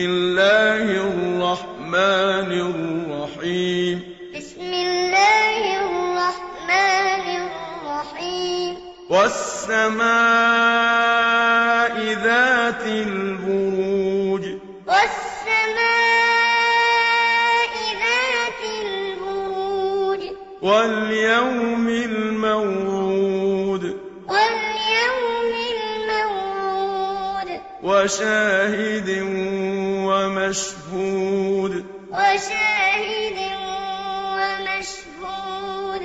الله الرحمن الرحيم بسم الله الرحمن الرحيم والسماء ذات البروج والسماء ذات البروج واليوم الموعود وشاهد ومشهود وشاهد ومشهود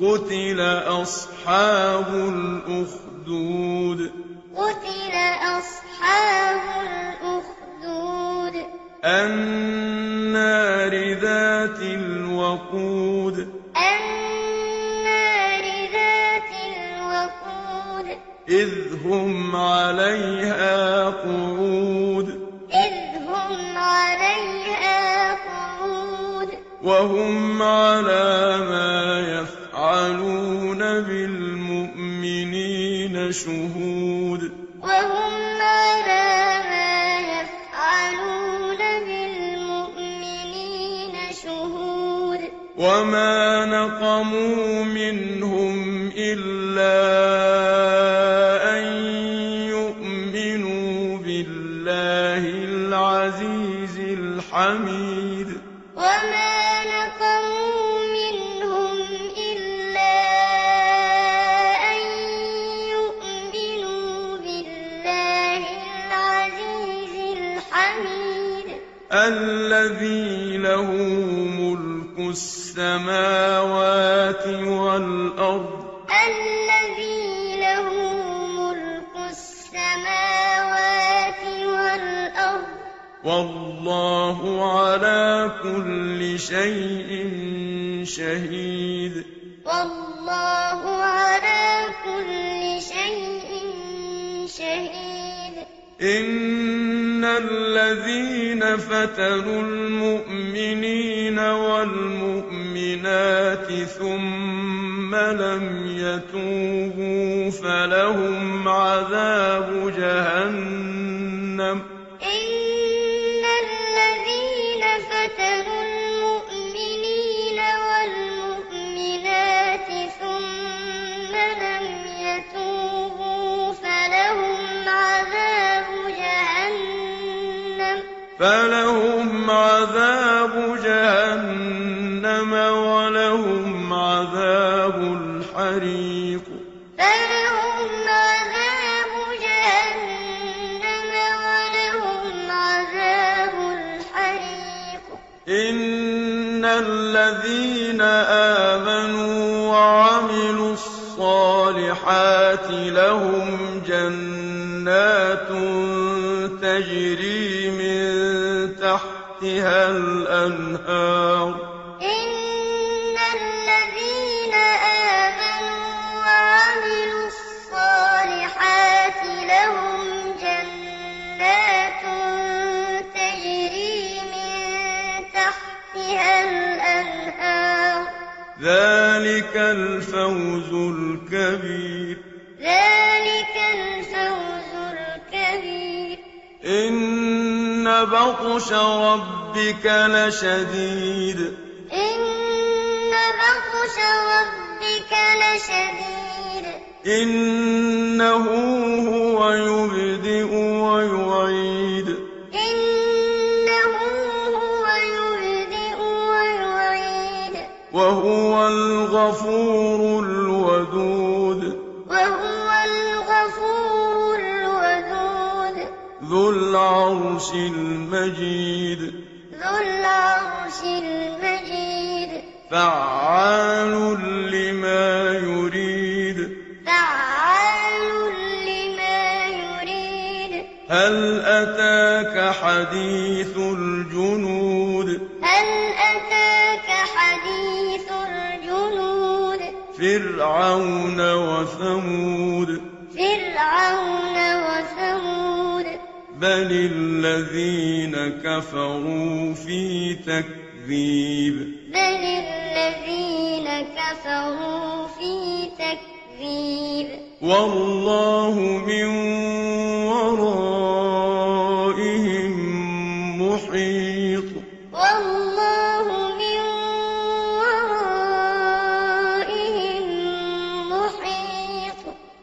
قتل أصحاب الأخدود قتل أصحاب الأخدود النار ذات الوقود النار ذات الوقود إذ هم عليها وهم على ما يفعلون بالمؤمنين شهود وهم على ما يفعلون بالمؤمنين شهود وما نقموا منهم إلا حميد الذي له ملك السماوات والأرض الذي له ملك السماوات والأرض والله على كل شيء شهيد والله على كل شيء شهيد إن الذين فتنوا المؤمنين والمؤمنات ثم لم يتوبوا فلهم عذاب جهنم فلهم عذاب جهنم ولهم عذاب الحريق فلهم عذاب جهنم ولهم عذاب الحريق إن الذين آمنوا وعملوا الصالحات لهم جنات تجري تحتها الأنهار إن الذين آمنوا وعملوا الصالحات لهم جنات تجري من تحتها الأنهار ذلك الفوز الكبير ذلك الفوز الكبير إن إن بطش ربك لشديد إن بطش ربك لشديد إنه هو يبدئ ويعيد إنه هو يبدئ ويعيد وهو الغفور ذو العرش المجيد ذو العرش المجيد فعال لما يريد فعال لما يريد هل أتاك حديث الجنود هل أتاك حديث الجنود فرعون وثمود فرعون بل الذين كفروا في تكذيب بل الذين كفروا في تكذيب والله من ورائهم محيط والله من ورائهم محيط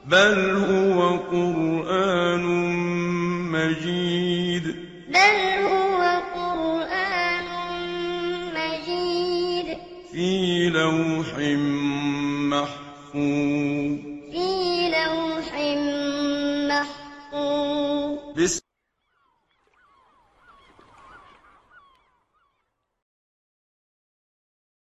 بل هو قرآن بل هو قرآن مجيد في لوح محفوظ في لوح محفوظ